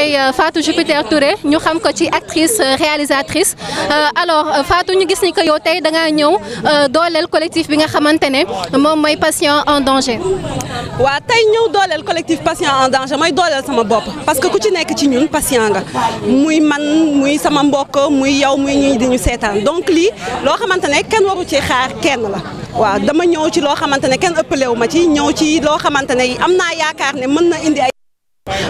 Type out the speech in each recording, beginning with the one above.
mooy euh, Fatou Jupiter Touré ñu xam ko ci actrice euh, réalisatrice euh, alors Fatou ñu gis ni que yow tey da ngaa ñëw dooleel collectif bi nga xamante ne moom patient en danger. waa tey ñëw dooleel collectif patient en danger mooy dooleel sama bop parce que ku ci nekk ci ñun patient nga muy man muy sama mbokk muy yow muy ñuy di ñu seetaan donc li lo xamantene ne waru ci xaar kenn la. wa dama ñëw ci lo xamantene ne kenn ëppalewu ma ci ñëw ci lo xamantene amna am yaakaar ne mëna indi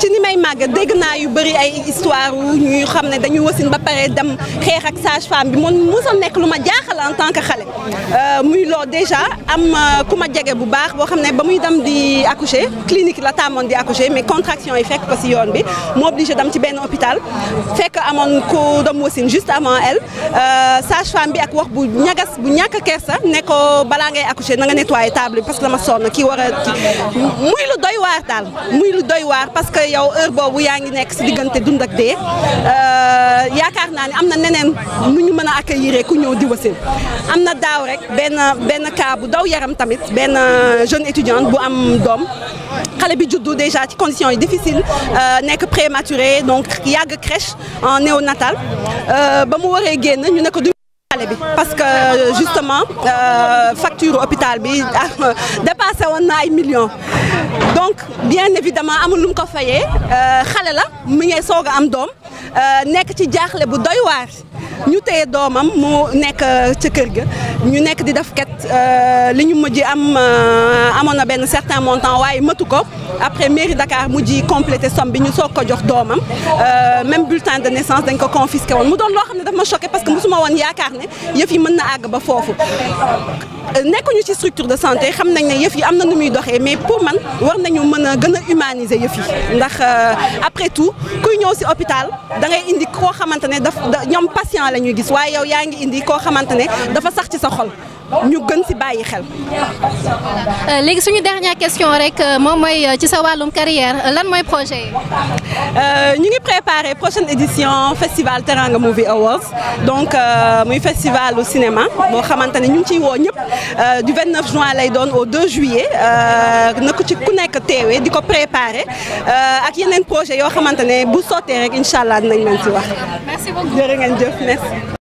ci ni may màgg dégg naa yu bëri ay histoire ñuy xam ne dañuy wasin ba pare dem xeex ak sage-femme bi moom nekk lu ma jaaxal en tant que xal Euh, muy déjà am euh, ku ma bu baax ne ba muy di accoucher clinique la taamoon di accoucher mais contraction yi fekk ko si yoon bi mu obligé dem ci benn hôpital fait que ku doom wasin juste avant elle euh, sage femme bi ak wax bu ñagas bu kersa ne ko balangay accoucher na nga nettoyer table parce que la sonn qui wara muy lu doy war dal muy lu doy war parce que yow heure bobu yaangi ngi nekk si diggante dund ak dee yaakaar naa am na neneen nu ñu mën a accueillir ku ñëw di wasin am na daaw rek ben benn cas bu daw yaram tamit ben jeune étudiante bu am dom xalé bi juddu déjà ci conditions difficiles euh nek prématuré donc yag crèche en néonatal euh, ba mu waree guen ñu ne bi parce que euh, justement euh, facture hôpital bi dépassé woon na ay millions donc bien évidemment amul lu ko fayé euh xalé la mi ngi am dom euh, Nous ci jaaxle bu doy war ñu Nous sommes mo nek euh, ci kër ga ñu Nous di def ket euh, mujj am ben certain montant waye matuko après mairie Dakar mu ji complété somme bi ñu soko ko jox doomam euh, même bulletin de naissance dañ ko confisquer woon mu don lo xamne ne daf ma choqué parce que mosuma woon yaakaar ne yëf yi mën na àgg ba foofu euh, nekkuñu ci structure de santé xam nañ ne yëf yi am na nu muy doxé mais pour man war nañu mën gëna humaniser yëf yi ndax euh, après tout kuy ñëw ci hôpital da ngay indi ko xamantene ne daf ñoom patient lañuy gis waye yow yaa ngi indi ko xamantene dafa sax ci sa xol ñu gën ci bayyi xel. légui suñu dernière question rek moom mooy ci sa wàllum carrière lan moy projet yi. Euh, ñu ngi préparer prochaine édition festival Teranga Movie Awards donc euh, muy festival au cinéma boo xamante ñu ci wo ñep du 29 juin lay doon au 2 juillet euh ko ci ku nek teewee diko préparer euh ak yeneen projet yo xamante bu sottee rek inshallah dinañ ci wax. merci beaucoup jërë ngeen jëf merci.